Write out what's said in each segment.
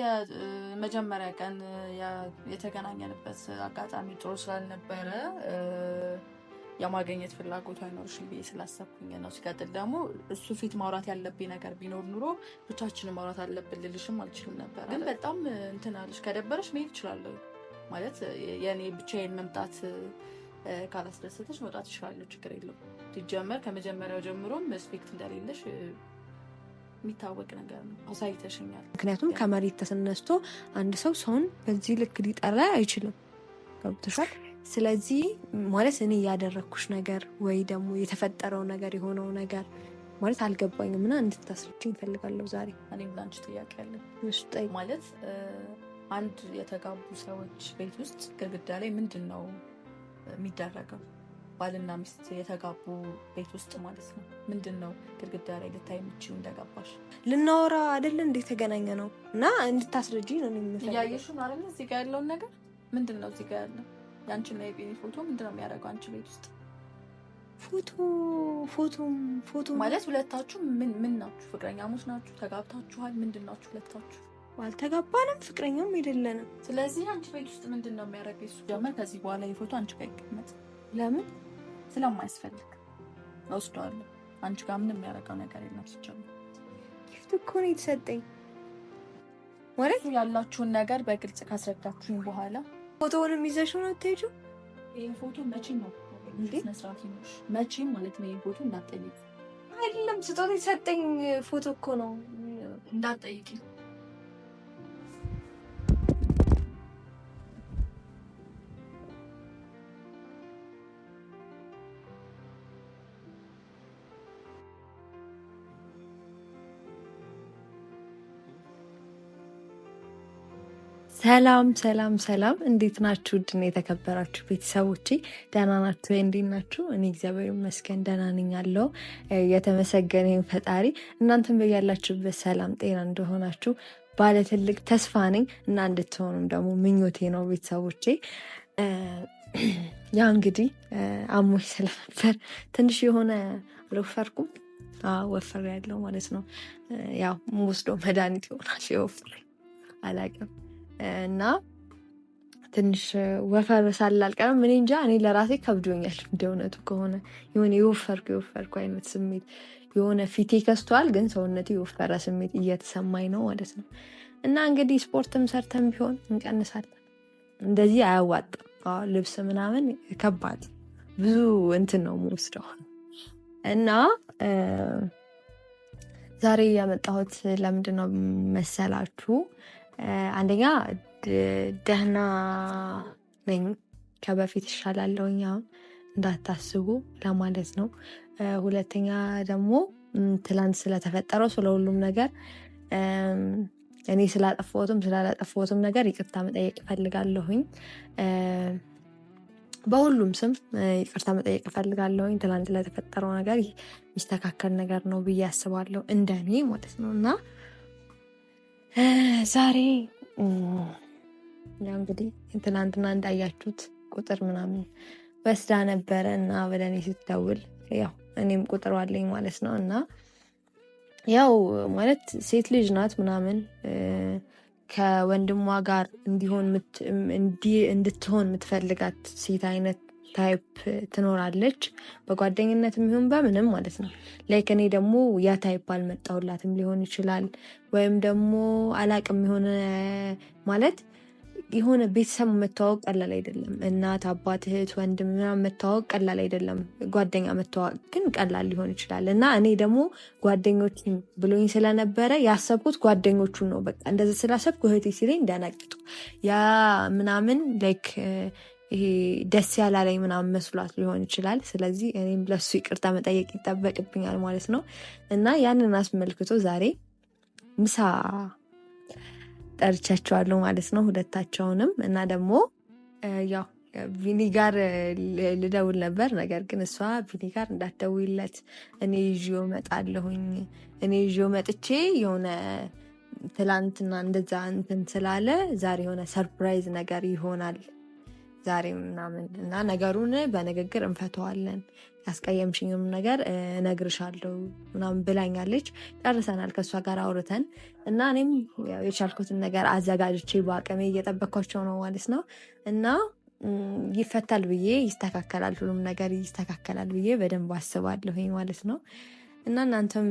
የመጀመሪያ ቀን የተገናኘንበት አጋጣሚ ጥሩ ስላልነበረ የማገኘት ፍላጎት አይኖርሽም ብዬ ስላሰብኩኝ ነው። ሲቀጥል ደግሞ እሱ ፊት ማውራት ያለብኝ ነገር ቢኖር ኑሮ ብቻችንን ማውራት አለብን ልልሽም አልችልም ነበር። ግን በጣም እንትን አለሽ ከደበረሽ መሄድ እችላለሁ ማለት የኔ ብቻዬን መምጣት ካላስደሰተች መውጣት እችላለሁ፣ ችግር የለም። ሲጀመር ከመጀመሪያው ጀምሮም ስፔክት እንደሌለሽ የሚታወቅ ነገር ነው። አሳይተሽኛል። ምክንያቱም ከመሬት ተስነስቶ አንድ ሰው ሰውን በዚህ ልክ ሊጠላ አይችልም። ገብቶሻል? ስለዚህ ማለት እኔ ያደረግኩሽ ነገር ወይ ደግሞ የተፈጠረው ነገር የሆነው ነገር ማለት አልገባኝም እና እንድታስረጅኝ እፈልጋለሁ። ዛሬ እኔም ለአንቺ ጥያቄ አለኝ። ማለት አንድ የተጋቡ ሰዎች ቤት ውስጥ ግድግዳ ላይ ምንድን ነው የሚደረገው? ባልና ሚስት የተጋቡ ቤት ውስጥ ማለት ነው ምንድን ነው ግድግዳ ላይ ልታይ የምችው እንደገባሽ ልናወራ አይደለ እንደ የተገናኘ ነው እና እንድታስረጂ ነው እያየሹ ማለት እዚህ ጋ ያለውን ነገር ምንድን ነው እዚህ ጋ ያለው የአንቺና የቤኒ ፎቶ ምንድን ነው የሚያደርገው አንቺ ቤት ውስጥ ፎቶ ፎቶ ፎቶ ማለት ሁለታችሁ ምን ምን ናችሁ? ፍቅረኛሞች ናችሁ? ተጋብታችኋል? ምንድን ናችሁ ሁለታችሁ? አልተጋባንም፣ ፍቅረኛም አይደለንም። ስለዚህ አንቺ ቤት ውስጥ ምንድን ነው የሚያደርገው እሱ? ጀመር ከዚህ በኋላ የፎቶ አንቺ ጋር ይቀመጥ። ለምን? ስለማያስፈልግ እወስደዋለሁ አንቺ ጋር ምንም የሚያደርገው ነገር የለም። ሲጀምር ጊፍት እኮ ነው የተሰጠኝ። ማለት ያላችሁን ነገር በግልጽ ካስረዳችሁኝ በኋላ ፎቶውንም ይዘሽ ነው የምትሄጂው። ይህ ፎቶ መቼ ነው መቼም ማለት ነው። ይህ ፎቶ እንዳትጠይቂ አይደለም ስጦት የተሰጠኝ ፎቶ እኮ ነው እንዳትጠይቂ ሰላም ሰላም ሰላም፣ እንዴት ናችሁ? ውድና የተከበራችሁ ቤተሰቦች ደህና ናችሁ ወይ? እንዴት ናችሁ? እኔ እግዚአብሔር ይመስገን ደህና ነኝ አለው የተመሰገነ ፈጣሪ። እናንተም በያላችሁበት ሰላም ጤና እንደሆናችሁ ባለ ትልቅ ተስፋ ነኝ እና እንድትሆኑም ደግሞ ምኞቴ ነው ቤተሰቦቼ። ያ እንግዲህ አሞኝ ስለነበር ትንሽ የሆነ አልወፈርኩም፣ ወፈር ያለው ማለት ነው። ያው ወስዶ መድኃኒት ይሆናል ወፍሬ አላውቅም እና ትንሽ ወፈር ሳል አልቀርም። እኔ እንጃ እኔ ለራሴ ከብዶኛል። እንደ እውነቱ ከሆነ የሆነ የወፈርኩ የወፈርኩ አይነት ስሜት የሆነ ፊቴ ከስቷል፣ ግን ሰውነቱ የወፈረ ስሜት እየተሰማኝ ነው ማለት ነው። እና እንግዲህ ስፖርትም ሰርተን ቢሆን እንቀንሳለን። እንደዚህ አያዋጣም። ልብስ ምናምን ከባድ ብዙ እንትን ነው የምወስደው እና ዛሬ ያመጣሁት ለምንድን ነው መሰላችሁ? አንደኛ ደህና ነኝ ከበፊት ይሻላለሁኝ አሁን እንዳታስቡ ለማለት ነው። ሁለተኛ ደግሞ ትላንት ስለተፈጠረው ስለ ሁሉም ነገር እኔ ስላጠፋሁትም ስላላጠፋሁትም ነገር ይቅርታ መጠየቅ እፈልጋለሁኝ። በሁሉም ስም ይቅርታ መጠየቅ እፈልጋለሁኝ። ትላንት ለተፈጠረው ነገር ሚስተካከል ነገር ነው ብዬ አስባለሁ፣ እንደኔ ማለት ነው እና ዛሬ ያው እንግዲህ ትናንትና እንዳያችሁት ቁጥር ምናምን ወስዳ ነበረ እና ወደ እኔ ስትደውል ያው እኔም ቁጥር አለኝ ማለት ነው። እና ያው ማለት ሴት ልጅ ናት ምናምን ከወንድሟ ጋር እንዲሆን እንድትሆን የምትፈልጋት ሴት አይነት ታይፕ ትኖራለች በጓደኝነት ይሁን በምንም ማለት ነው። ላይክ እኔ ደግሞ ያ ታይፕ አልመጣሁላትም ሊሆን ይችላል። ወይም ደግሞ አላቅም የሆነ ማለት የሆነ ቤተሰብ መተዋወቅ ቀላል አይደለም። እናት፣ አባት፣ እህት፣ ወንድም ምናምን መተዋወቅ ቀላል አይደለም። ጓደኛ መተዋወቅ ግን ቀላል ሊሆን ይችላል እና እኔ ደግሞ ጓደኞች ብሎኝ ስለነበረ ያሰብኩት ጓደኞቹን ነው። በቃ እንደዚ ስላሰብኩ እህቴ ሲለኝ እንዳናቅጡ ያ ምናምን ላይክ ይሄ ደስ ላይ ምናምን መስሏት ሊሆን ይችላል። ስለዚህ እኔም ለሱ ይቅርታ መጠየቅ ይጠበቅብኛል ማለት ነው እና ያንን አስመልክቶ ዛሬ ምሳ ጠርቻቸዋለሁ ማለት ነው ሁለታቸውንም እና ደግሞ ያው ቪኒ ጋር ልደውል ነበር። ነገር ግን እሷ ቪኒ ጋር እንዳትደውይለት እኔ ይዥ መጣለሁኝ እኔ ይዥ መጥቼ የሆነ ትላንትና እንደዛ እንትን ስላለ ዛሬ የሆነ ሰርፕራይዝ ነገር ይሆናል ዛሬ ምናምን እና ነገሩን በንግግር እንፈተዋለን። ያስቀየምሽኝም ነገር እነግርሻለሁ ምናምን ብላኛለች። ጨርሰናል ከእሷ ጋር አውርተን እና እኔም የቻልኩትን ነገር አዘጋጅቼ በአቅሜ እየጠበኳቸው ነው ማለት ነው እና ይፈታል ብዬ ይስተካከላል፣ ሁሉም ነገር ይስተካከላል ብዬ በደንብ አስባለሁ ማለት ነው እና እናንተም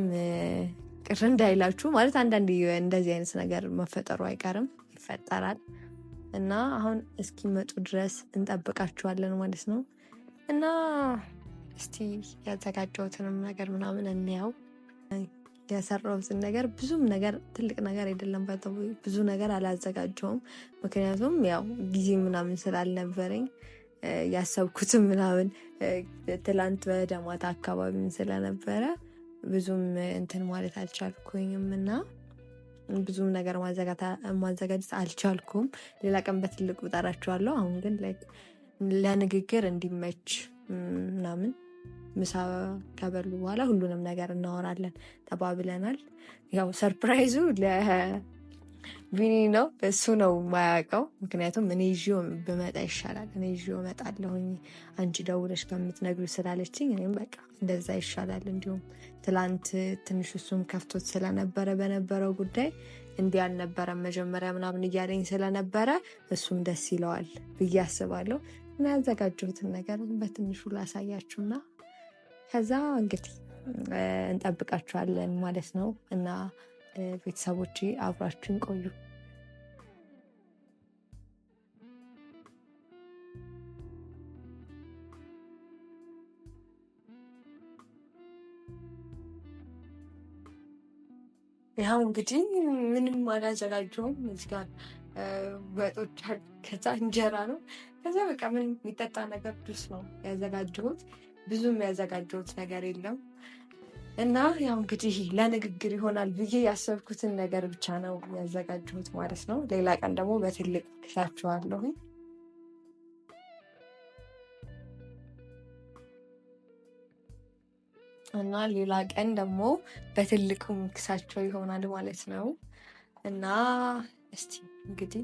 ቅር እንዳይላችሁ ማለት አንዳንድ እንደዚህ አይነት ነገር መፈጠሩ አይቀርም፣ ይፈጠራል። እና አሁን እስኪመጡ ድረስ እንጠብቃችኋለን ማለት ነው። እና እስቲ ያዘጋጀሁትንም ነገር ምናምን እንያው። የሰራሁትን ነገር ብዙም ነገር ትልቅ ነገር አይደለም፣ ብዙ ነገር አላዘጋጀውም። ምክንያቱም ያው ጊዜ ምናምን ስላልነበረኝ ያሰብኩትም ምናምን ትላንት ወደ ማታ አካባቢ ስለነበረ ብዙም እንትን ማለት አልቻልኩኝም እና ብዙም ነገር ማዘጋጀት አልቻልኩም። ሌላ ቀን በትልቁ እጠራችኋለሁ። አሁን ግን ለንግግር እንዲመች ምናምን ምሳ ከበሉ በኋላ ሁሉንም ነገር እናወራለን ተባብለናል። ያው ሰርፕራይዙ ለቪኒ ነው። እሱ ነው የማያውቀው። ምክንያቱም እኔ ይዤው ብመጣ ይሻላል፣ እኔ ይዤው እመጣለሁኝ አንቺ ደውለሽ ከምትነግሩ ስላለችኝ እኔም በቃ እንደዛ ይሻላል እንዲሁም ትላንት ትንሽ እሱም ከፍቶት ስለነበረ በነበረው ጉዳይ እንዲህ አልነበረም መጀመሪያ ምናምን እያለኝ ስለነበረ እሱም ደስ ይለዋል ብዬ አስባለሁ። እና ያዘጋጀሁትን ነገር በትንሹ ላሳያችሁና ከዛ እንግዲህ እንጠብቃችኋለን ማለት ነው እና ቤተሰቦች አብራችሁን ቆዩ። ያው እንግዲህ ምንም አላዘጋጀውም እዚህ ጋር ወጦች ከዛ እንጀራ ነው። ከዛ በቃ ምን የሚጠጣ ነገር ጁስ ነው ያዘጋጀሁት። ብዙም ያዘጋጀሁት ነገር የለም እና ያው እንግዲህ ለንግግር ይሆናል ብዬ ያሰብኩትን ነገር ብቻ ነው ያዘጋጀሁት ማለት ነው። ሌላ ቀን ደግሞ በትልቅ ክሳችኋለሁኝ። እና ሌላ ቀን ደግሞ በትልቁ ምክሳቸው ይሆናል ማለት ነው እና እስቲ እንግዲህ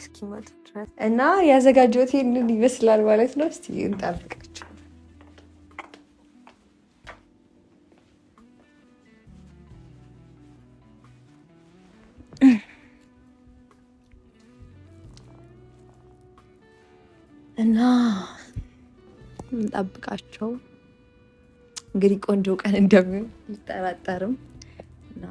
እስኪመጡ ድረስ እና ያዘጋጀሁት ይህንን ይመስላል ማለት ነው። እስቲ እንጠብቃቸው። እና እንጠብቃቸው። እንግዲህ ቆንጆ ቀን እንደሚሆን ልጠራጠርም እና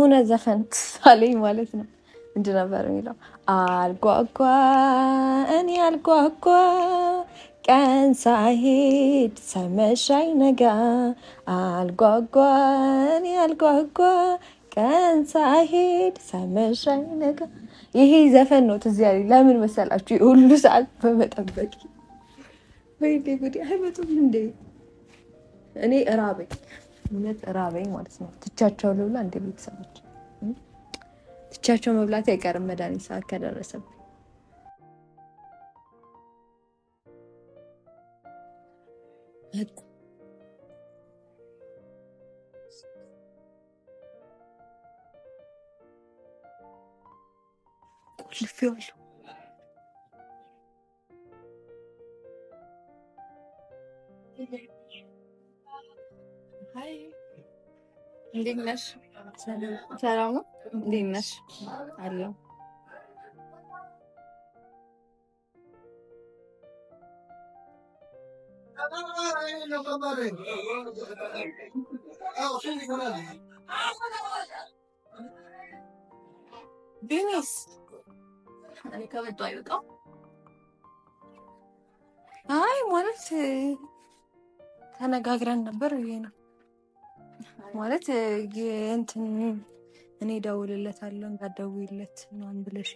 የሆነ ዘፈን ሳለኝ ማለት ነው። ምንድን ነበር የሚለው? አልጓጓ እኔ አልጓጓ ቀን ሳሄድ ሳይመሻይ ነጋ አልጓጓ እኔ አልጓጓ ቀን ሳሄድ ሳይመሻይ ነጋ። ይሄ ዘፈን ነው ትዝ ያለኝ። ለምን መሰላችሁ? የሁሉ ሰዓት በመጠበቅ ወይ ጉዴ አይመጡም እንዴ! እኔ እራበኝ። እውነት ራበኝ ማለት ነው። ትቻቸው ልብላ እንደ ቤተሰቦች ትቻቸው መብላት አይቀርም መድኃኒት ሰዓት ከደረሰብኝ። ቁልፌዋለሁ እንዴት ነሽ? ሰላም ነው። እንዴት ነሽ? አለሁ። ቢኒስ ከመጡ አይወጣም። አይ ማለት ተነጋግረን ነበር ብዬ ነው ማለት እንትን እኔ እደውልለታለሁ እንዳደውለት ምናምን ብለሽ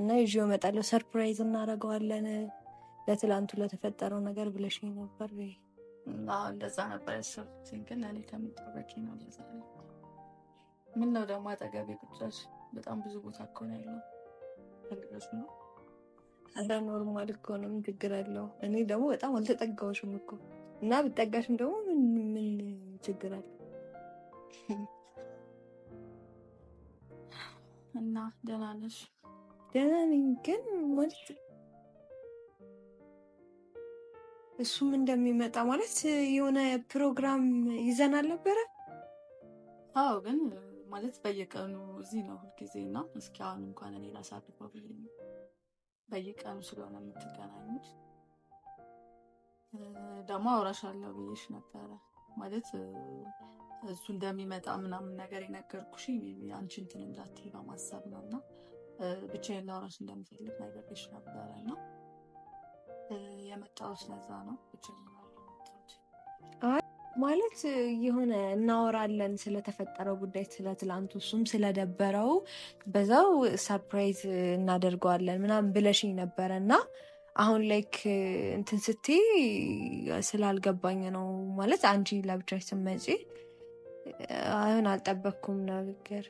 እና ይዤው እመጣለሁ ሰርፕራይዝ እናደርገዋለን ለትላንቱ ለተፈጠረው ነገር ብለሽ ነበር። እንደዛ ነበር ያሰብኩት፣ ግን እኔ ከምጠበቂ ነው። ለዛ ምን ነው ደግሞ አጠገቤ ቁጭ በጣም ብዙ ቦታ እኮ ነው ያለው። ፈልገሽ ነው አረ ኖርማል እኮ ነው። ምን ችግር አለው? እኔ ደግሞ በጣም አልተጠጋሁሽም እኮ እና ብጠጋሽም ደግሞ ምን ችግር አለ? እና ደህና ነሽ? ደህና ነኝ። ግን ማለት እሱም እንደሚመጣ ማለት የሆነ ፕሮግራም ይዘን አልነበረ? አዎ። ግን ማለት በየቀኑ እዚህ ነው ሁልጊዜ እና እስኪ አሁን እንኳን እኔ ላሳድፈው ብዬ በየቀኑ ስለሆነ የምትገናኙት ደግሞ አውራሻለሁ ብዬሽ ነበረ ማለት እሱ እንደሚመጣ ምናምን ነገር የነገርኩሽ አንቺ እንትን እንዳትይ በማሰብ ነው እና ብቻዬን ላወራሽ እንደምፈልግ ነገርሽ ነበረ እና የመጣሁት ለዛ ነው። ብቻዬን ማለት የሆነ እናወራለን ስለተፈጠረው ጉዳይ ስለ ትላንቱ፣ እሱም ስለደበረው በዛው ሰፕራይዝ እናደርገዋለን ምናምን ብለሽኝ ነበረ እና አሁን ላይክ እንትን ስትይ ስላልገባኝ ነው ማለት አንቺ ለብቻሽ ስትመጪ አሁን አልጠበቅኩም ንግግር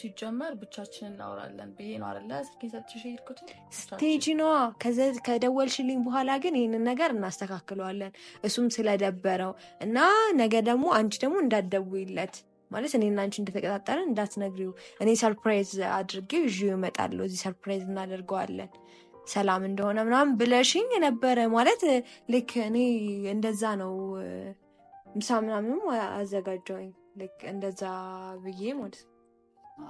ሲጀመር ብቻችን እናወራለን ብዬ ነው አለ ስልኬን ሰጥቼሽ የሄድኩት ስቴጅ ነዋ። ከደወልሽልኝ በኋላ ግን ይህንን ነገር እናስተካክለዋለን። እሱም ስለደበረው እና ነገ ደግሞ አንቺ ደግሞ እንዳትደውይለት ማለት እኔና አንቺ እንደተቀጣጠረን እንዳትነግሪው። እኔ ሰርፕራይዝ አድርጌው ይዤው እመጣለሁ። እዚህ ሰርፕራይዝ እናደርገዋለን ሰላም እንደሆነ ምናምን ብለሽኝ ነበረ። ማለት ልክ እኔ እንደዛ ነው ምሳ ምናምንም አዘጋጀውኝ ልክ እንደዛ ብዬ ማለት ነው።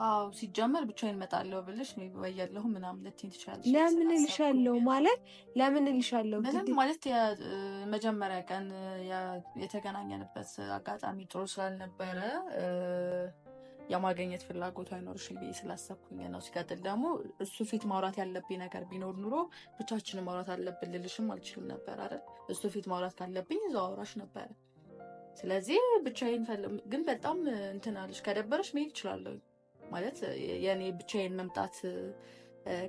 አዎ ሲጀመር ብቻዬን እመጣለሁ ብለሽ ነው ይበያለሁ ምናምን ልትይኝ ትችላለሽ። ለምን እልሻለሁ ማለት ለምን እልሻለሁ ምንም ማለት የመጀመሪያ ቀን የተገናኘንበት አጋጣሚ ጥሩ ስላልነበረ የማገኘት ፍላጎት አይኖርሽም ብዬ ስላሰብኩኝ ነው። ሲቀጥል ደግሞ እሱ ፊት ማውራት ያለብኝ ነገር ቢኖር ኑሮ ብቻችንን ማውራት አለብን ልልሽም አልችልም ነበር አይደል? እሱ ፊት ማውራት ካለብኝ እዛው አውራሽ ነበረ። ስለዚህ ብቻዬን ግን በጣም እንትን አለሽ ከደበረሽ መሄድ እችላለሁ ማለት የእኔ ብቻዬን መምጣት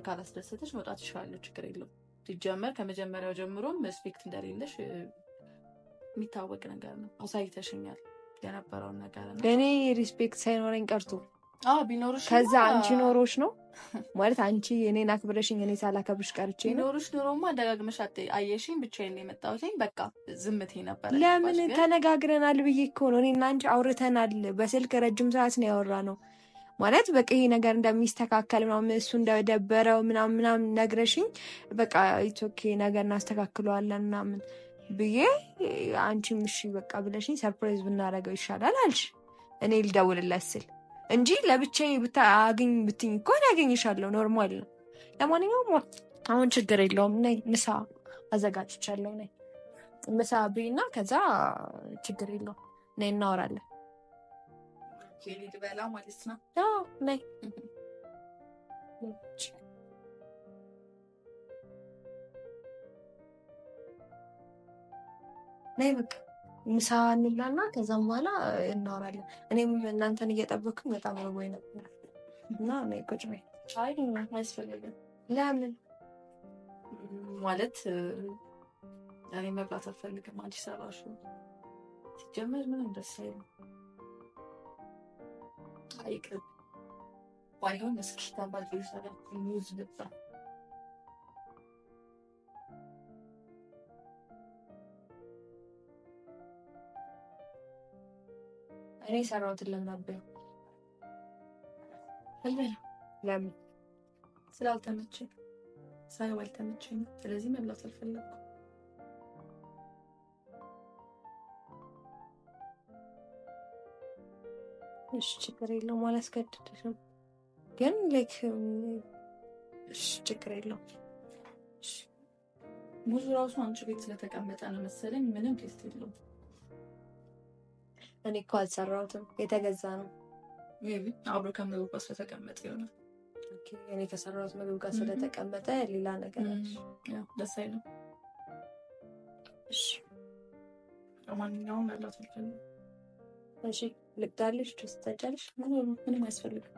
ካላስደሰተች መውጣት እችላለሁ፣ ችግር የለም። ሲጀመር ከመጀመሪያው ጀምሮም ሪስፔክት እንደሌለሽ የሚታወቅ ነገር ነው። አሳይተሽኛል የነበረውን ነገር እኔ ሪስፔክት ሳይኖረኝ ቀርቶ ቢኖርሽ ከዛ አንቺ ኖሮች ነው ማለት አንቺ እኔን አክብረሽኝ እኔ ሳላከብርሽ ቀርቼ ነው ኖሮሽ ኖሮማ ደጋግመሽ አየሽኝ ብቻዬን የመጣሁትኝ በቃ ዝምቴ ነበር ለምን ተነጋግረናል ብዬ እኮ ነው እኔና አንቺ አውርተናል በስልክ ረጅም ሰዓት ነው ያወራ ነው ማለት በቃ ይሄ ነገር እንደሚስተካከል ምናምን እሱ እንደደበረው ምናምን ምናምን ነግረሽኝ በቃ ኢትዮኬ ነገር እናስተካክለዋለን ምናምን ብዬ አንቺም እሺ በቃ ብለሽኝ ሰርፕራይዝ ብናደርገው ይሻላል አልሽ እኔ ልደውልለት ስል እንጂ ለብቻዬ አግኝ ብትኝ ከሆነ ያገኝሻለሁ። ኖርማል ነው። ለማንኛውም አሁን ችግር የለውም። ነይ ምሳ አዘጋጅቻለሁ። ነይ ምሳ ብይ ከዛ ችግር የለውም። ነይ እናወራለን። ነይ ነይ በቃ ምሳ እንብላና ከዛም በኋላ እናወራለን። እኔም እናንተን እየጠበኩኝ በጣም ርቦኝ ነበር እና ቁጭ በይ። ለምን ማለት እኔ መብላት አልፈልግም። አዲስ አበባ ሲጀመር ምንም ደስ አይልም። አይቅርብ ባይሆን እስኪ ተባል ሰላ ሙዝ ልባል እኔ የሰራሁትን ለምን አትበይም? አልበላም። ለምን? ስላልተመቸኝ፣ ሳይው አልተመቸኝ። ስለዚህ መብላት አልፈለኩም። እሺ፣ ችግር የለውም። አላስገድድሽም፣ ግን ላይክ እሺ፣ ችግር የለውም። ብዙ ራሱ አንቺ ቤት ስለተቀመጠ ነው መሰለኝ ምንም ቴስት የለውም። እኔ እኮ አልሰራሁትም፣ የተገዛ ነው። አብሮ ከምግብ ጋር ስለተቀመጠ ይሆናል። እኔ ከሰራሁት ምግብ ጋር ስለተቀመጠ ሌላ ነገር ደስ አይልም። ማንኛውም ያላት ልክ ልቅዳልሽ፣ ጁስ ምንም አያስፈልግም።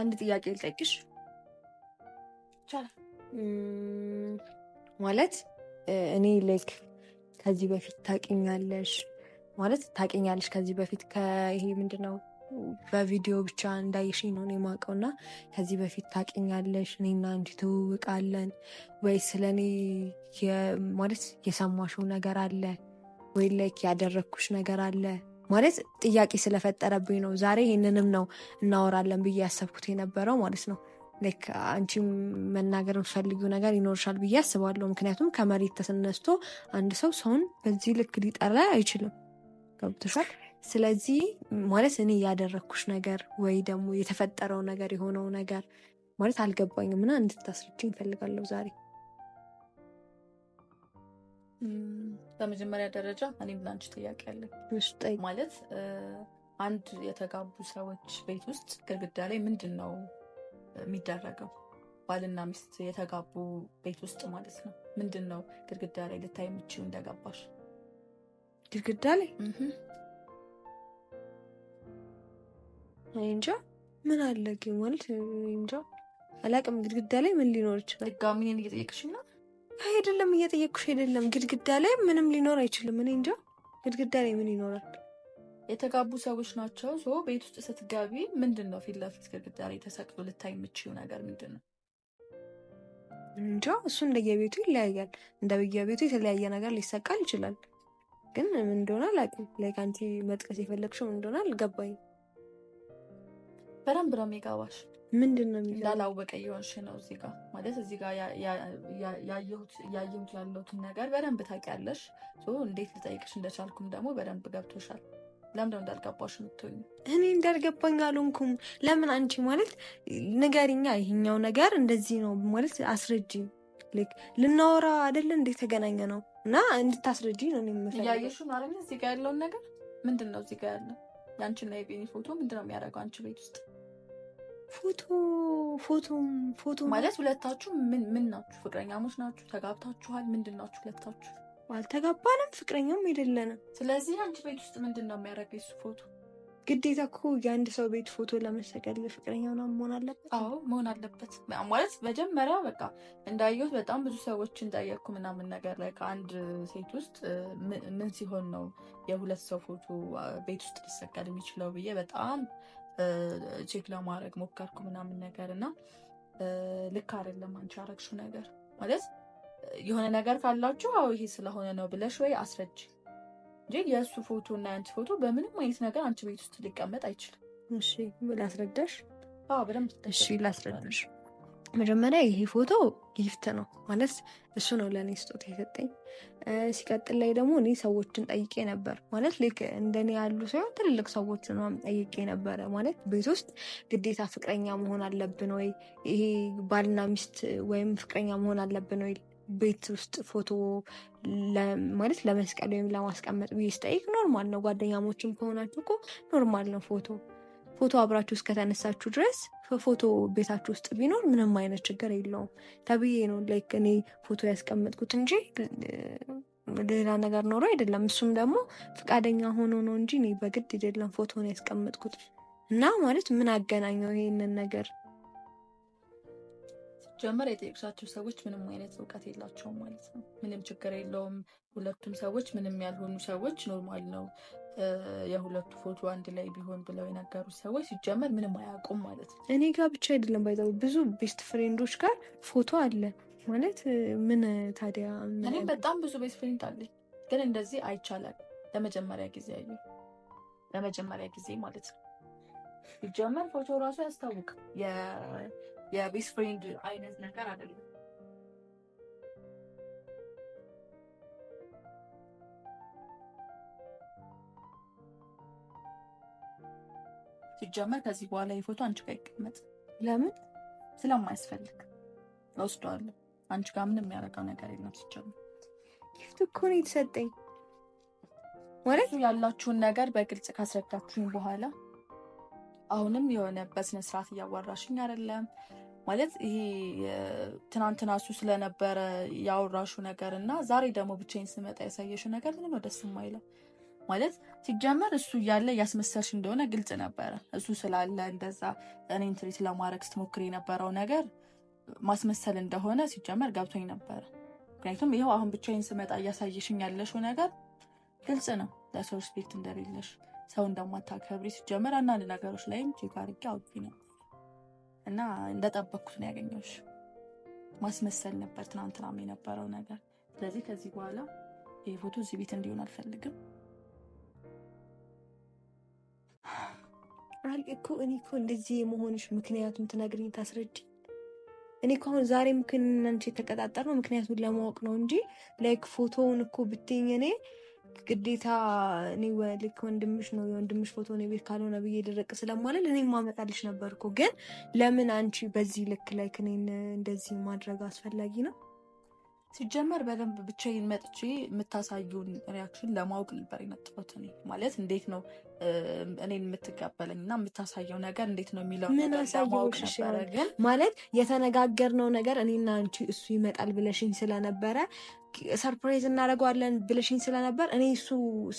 አንድ ጥያቄ ልጠይቅሽ ማለት እኔ ልክ ከዚህ በፊት ታቂኛለሽ ማለት ታቂኛለሽ ከዚህ በፊት ከይሄ ምንድነው በቪዲዮ ብቻ እንዳይሽኝ ነው የማውቀው እና ከዚህ በፊት ታቂኛለሽ እኔና እንዲ ትውውቃለን ወይ ስለ እኔ ማለት የሰማሽው ነገር አለ ወይ ላይክ ያደረግኩሽ ነገር አለ ማለት ጥያቄ ስለፈጠረብኝ ነው። ዛሬ ይህንንም ነው እናወራለን ብዬ ያሰብኩት የነበረው ማለት ነው። ልክ አንቺ መናገር የምትፈልጊው ነገር ይኖርሻል ብዬ አስባለሁ። ምክንያቱም ከመሬት ተነስቶ አንድ ሰው ሰውን በዚህ ልክ ሊጠራ አይችልም። ገብቶሻል? ስለዚህ ማለት እኔ ያደረግኩሽ ነገር ወይ ደግሞ የተፈጠረው ነገር የሆነው ነገር ማለት አልገባኝም እና እንድታስረጅኝ እፈልጋለሁ ዛሬ በመጀመሪያ ደረጃ እኔም ለአንቺ ጥያቄ አለኝ። ማለት አንድ የተጋቡ ሰዎች ቤት ውስጥ ግድግዳ ላይ ምንድን ነው የሚደረገው? ባልና ሚስት የተጋቡ ቤት ውስጥ ማለት ነው ምንድን ነው ግድግዳ ላይ ልታይ የምችው እንደገባሽ? ግድግዳ ላይ እንጃ ምን አለ ማለት እንጃ አላቅም። ግድግዳ ላይ ምን ሊኖር ይችላል? ድጋሚ እኔን እየጠየቅሽኝ ነው አይደለም እየጠየቅኩሽ አይደለም። ግድግዳ ላይ ምንም ሊኖር አይችልም። እኔ እንጃ ግድግዳ ላይ ምን ይኖራል? የተጋቡ ሰዎች ናቸው። ሶ ቤት ውስጥ ስትጋቢ ምንድን ነው ፊት ለፊት ግድግዳ ላይ ተሰቅሎ ልታይ የምችው ነገር ምንድን ነው? እንጃ እሱ እንደየቤቱ ይለያያል። እንደ በየቤቱ የተለያየ ነገር ሊሰቃል ይችላል። ግን ምን እንደሆነ አላውቅም። ላይ ከአንቺ መጥቀስ የፈለግሽው ምን እንደሆነ አልገባኝም። በደንብ ነው የሚገባሽ ምንድን ነው የሚለው? ላላወቀ እየሆንሽ ነው። እዚህ ጋር ማለት እዚህ ጋር ያየሁት ያለሁትን ነገር በደንብ ታውቂያለሽ። እንዴት ልጠይቅሽ እንደቻልኩም ደግሞ በደንብ ገብቶሻል። ለምን እንዳልገባሽ የምትሆኝ? እኔ እንዳልገባኝ አልሆንኩም። ለምን አንቺ ማለት ንገሪኛ፣ ይሄኛው ነገር እንደዚህ ነው ማለት አስረጂ። ልክ ልናወራ አይደለ እንዴት ተገናኘ ነው እና እንድታስረጂ ነው ያየሹ ማለት እዚህ ጋር ያለውን ነገር ምንድን ነው እዚህ ጋር ያለው የአንቺና የቤኒ ፎቶ ምንድነው የሚያደርገው አንቺ ቤት ውስጥ ፎቶ ፎቶ ፎቶ ማለት ሁለታችሁ ምን ምን ናችሁ? ፍቅረኛሞች ናችሁ? ተጋብታችኋል? ምንድን ናችሁ ሁለታችሁ? አልተጋባንም፣ ፍቅረኛም አይደለንም። ስለዚህ አንቺ ቤት ውስጥ ምንድን ነው የሚያደርገው የሱ ፎቶ? ግዴታ እኮ የአንድ ሰው ቤት ፎቶ ለመሰቀል ፍቅረኛው ነው መሆን አለበት። አዎ መሆን አለበት ማለት መጀመሪያ በቃ እንዳየሁት በጣም ብዙ ሰዎች እንዳየኩ ምናምን ነገር ላይ ከአንድ ሴት ውስጥ ምን ሲሆን ነው የሁለት ሰው ፎቶ ቤት ውስጥ ሊሰቀል የሚችለው ብዬ በጣም ቼክ ለማድረግ ሞከርኩ ምናምን ነገር እና ልክ አይደለም አንቺ ያረግሽው ነገር ማለት የሆነ ነገር ካላችሁ አዎ ይሄ ስለሆነ ነው ብለሽ ወይ አስረጅ እንጂ የእሱ ፎቶ እና የአንቺ ፎቶ በምንም አይነት ነገር አንቺ ቤት ውስጥ ሊቀመጥ አይችልም። እሺ ላስረዳሽ። አዎ በደንብ እሺ ላስረዳሽ። መጀመሪያ ይሄ ፎቶ ጊፍት ነው ማለት እሱ ነው ለእኔ ስጦት የሰጠኝ። ሲቀጥል ላይ ደግሞ እኔ ሰዎችን ጠይቄ ነበር ማለት ልክ እንደኔ ያሉ ሳይሆን ትልልቅ ሰዎች ጠይቄ ነበረ ማለት ቤት ውስጥ ግዴታ ፍቅረኛ መሆን አለብን ወይ ይሄ ባልና ሚስት ወይም ፍቅረኛ መሆን አለብን ወይ ቤት ውስጥ ፎቶ ማለት ለመስቀል ወይም ለማስቀመጥ ብዬ ስጠይቅ ኖርማል ነው ጓደኛሞችም ከሆናችሁ እኮ ኖርማል ነው ፎቶ ፎቶ አብራችሁ እስከተነሳችሁ ድረስ ፎቶ ቤታችሁ ውስጥ ቢኖር ምንም አይነት ችግር የለውም ተብዬ ነው ላይክ እኔ ፎቶ ያስቀመጥኩት እንጂ ሌላ ነገር ኖሮ አይደለም። እሱም ደግሞ ፈቃደኛ ሆኖ ነው እንጂ እኔ በግድ አይደለም ፎቶን ያስቀመጥኩት እና ማለት ምን አገናኘው ይሄንን ነገር ጀመር የጠየቅሻቸው ሰዎች ምንም አይነት እውቀት የላቸውም ማለት ነው። ምንም ችግር የለውም። ሁለቱም ሰዎች ምንም ያልሆኑ ሰዎች ኖርማል ነው የሁለቱ ፎቶ አንድ ላይ ቢሆን ብለው የነገሩት ሰዎች ሲጀመር ምንም አያውቁም ማለት ነው። እኔ ጋር ብቻ አይደለም ባይዘ ብዙ ቤስት ፍሬንዶች ጋር ፎቶ አለ ማለት ምን ታዲያ። እኔም በጣም ብዙ ቤስት ፍሬንድ አለኝ፣ ግን እንደዚህ አይቻላል። ለመጀመሪያ ጊዜ ያዩ ለመጀመሪያ ጊዜ ማለት ነው። ሲጀመር ፎቶ ራሱ ያስታውቅ የቤስት ፍሬንድ አይነት ነገር አይደለም። ሲጀመር ከዚህ በኋላ የፎቶ አንቺ ጋር ይቀመጥ። ለምን ስለማያስፈልግ እወስደዋለሁ። አንቺ ጋር ምንም የሚያደርገው ነገር የለም። ሲጀመር ጊፍት እኮ ነው የተሰጠኝ። ማለት ያላችሁን ነገር በግልጽ ካስረዳችሁኝ በኋላ አሁንም የሆነ በስነስርዓት እያዋራሽኝ አይደለም ማለት ይሄ ትናንትና እሱ ስለነበረ ያወራሹ ነገር እና ዛሬ ደግሞ ብቻዬን ስመጣ ያሳየሽው ነገር ምንም ደስ የማይለው። ማለት ሲጀመር እሱ እያለ እያስመሰልሽ እንደሆነ ግልጽ ነበረ። እሱ ስላለ እንደዛ እኔን ትሪት ለማድረግ ስትሞክር የነበረው ነገር ማስመሰል እንደሆነ ሲጀመር ገብቶኝ ነበረ። ምክንያቱም ይኸው አሁን ብቻዬን ስመጣ እያሳየሽኝ ያለሽው ነገር ግልጽ ነው፣ ለሰው ሪስፔክት እንደሌለሽ፣ ሰው እንደማታከብሪ ሲጀመር አንዳንድ ነገሮች ላይም ቼክ አድርጌ አውቂ ነው እና እንደጠበቅኩት ነው ያገኘሁሽ። ማስመሰል ነበር ትናንትናም የነበረው ነገር። ስለዚህ ከዚህ በኋላ ይህ ፎቶ እዚህ ቤት እንዲሆን አልፈልግም። ራልቅ እኮ እኔ እኮ እንደዚህ የመሆንሽ ምክንያቱም ትነግሪኝ ታስረጅ። እኔ እኮ አሁን ዛሬ ምክንና የተቀጣጠር ነው ምክንያቱን ለማወቅ ነው እንጂ ላይክ ፎቶውን እኮ ብትኝ እኔ ግዴታ እኔ ልክ ወንድምሽ ነው የወንድምሽ ፎቶ ነው ቤት ካልሆነ ብዬ ደረቅ ስለማለል እኔ ማመጣልሽ ነበር እኮ። ግን ለምን አንቺ በዚህ ልክ ላይ እኔን እንደዚህ ማድረግ አስፈላጊ ነው? ሲጀመር በደንብ ብቻዬን መጥቼ የምታሳዩን ሪያክሽን ለማወቅ ነበር የመጣሁት። እኔ ማለት እንዴት ነው እኔን የምትቀበለኝ እና የምታሳየው ነገር እንዴት ነው የሚለው ምን አሳየውሽ ግን ማለት የተነጋገርነው ነገር እኔና አንቺ እሱ ይመጣል ብለሽኝ ስለነበረ ሰርፕራይዝ እናደርገዋለን ብለሽኝ ስለነበር እኔ እሱ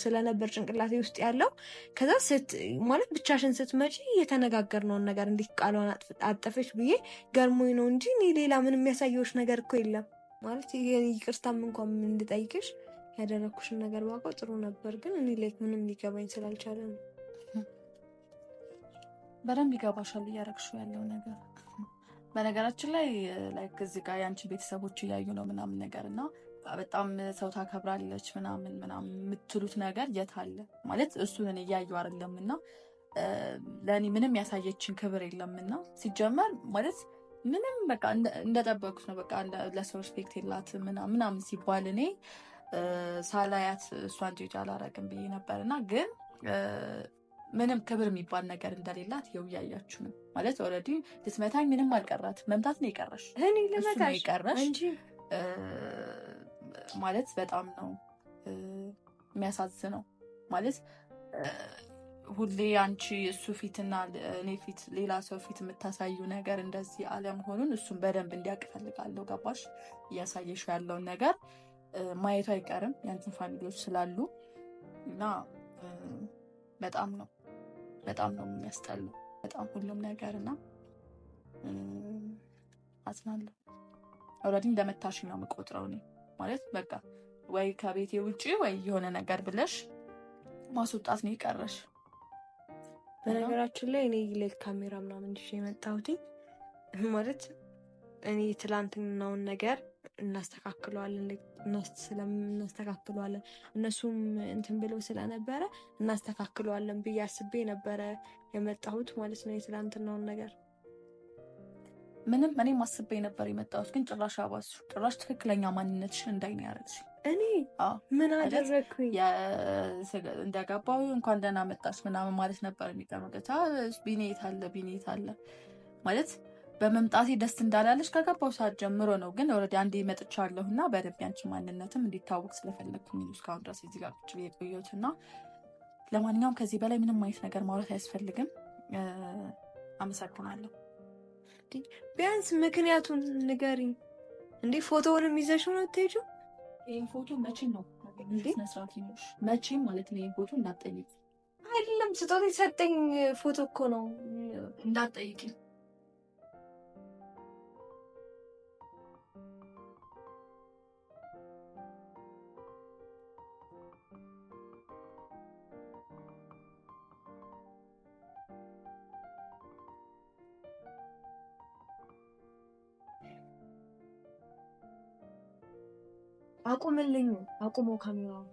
ስለነበር ጭንቅላቴ ውስጥ ያለው ከዛ ስት ማለት ብቻሽን ስትመጪ የተነጋገርነውን ነገር እንዴት ቃሏን አጠፈች ብዬ ገርሞኝ ነው እንጂ እኔ ሌላ ምን የሚያሳየውሽ ነገር እኮ የለም ማለት ይቅርታም እንኳን እንድጠይቅሽ ያደረግኩሽን ነገር ባውቀው ጥሩ ነበር፣ ግን እኔ ላይ ምንም ሊገባኝ ስላልቻለ ነው። በደንብ ይገባሻል እያደረግሽው ያለው ነገር። በነገራችን ላይ ላይክ እዚህ ጋር የአንቺን ቤተሰቦች እያዩ ነው ምናምን ነገር እና በጣም ሰው ታከብራለች ምናምን ምናምን የምትሉት ነገር የት አለ ማለት እሱን እኔ እያዩ አይደለም እና ለእኔ ምንም ያሳየችን ክብር የለምና ሲጀመር ማለት ምንም በቃ እንደጠበኩት ነው። በቃ ለሰው ሪስፔክት የላት ምናምን ሲባል እኔ ሳላያት እሷን ጆጅ አላረግም ብዬ ነበር እና ግን ምንም ክብር የሚባል ነገር እንደሌላት የው እያያችሁ ነው ማለት ኦልሬዲ ልትመታኝ ምንም አልቀራት፣ መምታት ነው የቀረሽ፣ የቀረሽ ማለት በጣም ነው የሚያሳዝነው። ማለት ሁሌ አንቺ እሱ ፊትና እኔ ፊት ሌላ ሰው ፊት የምታሳዩ ነገር እንደዚህ አለመሆኑን እሱን በደንብ እንዲያውቅ እፈልጋለሁ። ገባሽ? እያሳየሽ ያለውን ነገር ማየቱ አይቀርም ያንችን ፋሚሊዎች ስላሉ እና በጣም ነው በጣም ነው የሚያስጠሉ በጣም ሁሉም ነገር እና አዝናለሁ። አውረድ እንደመታሽ ነው የምቆጥረው እኔ ማለት በቃ ወይ ከቤቴ ውጭ ወይ የሆነ ነገር ብለሽ ማስወጣት ነው ይቀረሽ። በነገራችን ላይ እኔ ሌል ካሜራ ምናምን ይዤ የመጣሁት ማለት እኔ ትላንትናውን ነገር እናስተካክለዋለን እናስተካክለዋለን እነሱም እንትን ብለው ስለነበረ እናስተካክለዋለን ብዬ አስቤ ነበረ የመጣሁት ማለት ነው። የትላንትናውን ነገር ምንም እኔም አስቤ ነበር የመጣሁት፣ ግን ጭራሽ አባሱ ጭራሽ ትክክለኛ ማንነትሽን እንዳይ ነው ያደረግሽ። እኔ ምን አደረግኩኝ? እንኳን ደህና መጣች ምናምን ማለት ነበር የሚቀመጠታ ቢኔት አለ ቢኔት አለ ማለት በመምጣቴ ደስ እንዳላለች ከገባው ሰዓት ጀምሮ ነው። ግን ኦልሬዲ አንዴ መጥቻለሁ እና በደንብ ያንቺ ማንነትም እንዲታወቅ ስለፈለግኩኝ ነው እስካሁን ድረስ እዚህ ጋር ቁጭ የቆየሁት እና ለማንኛውም ከዚህ በላይ ምንም አይነት ነገር ማውራት አያስፈልግም። አመሰግናለሁ። ቢያንስ ምክንያቱን ንገሪኝ እንዴ። ፎቶውንም ይዘሽ ነው የምትሄጂው? ይህ ፎቶ መቼ ነው ስነስርዓት ይኖርሽ መቼም ማለት ነው። ይህ ፎቶ እንዳትጠይቂ። አይደለም ስጦታ የሰጠኝ ፎቶ እኮ ነው። እንዳትጠይቂ አቁምልኝ አቁሞ ካሜራው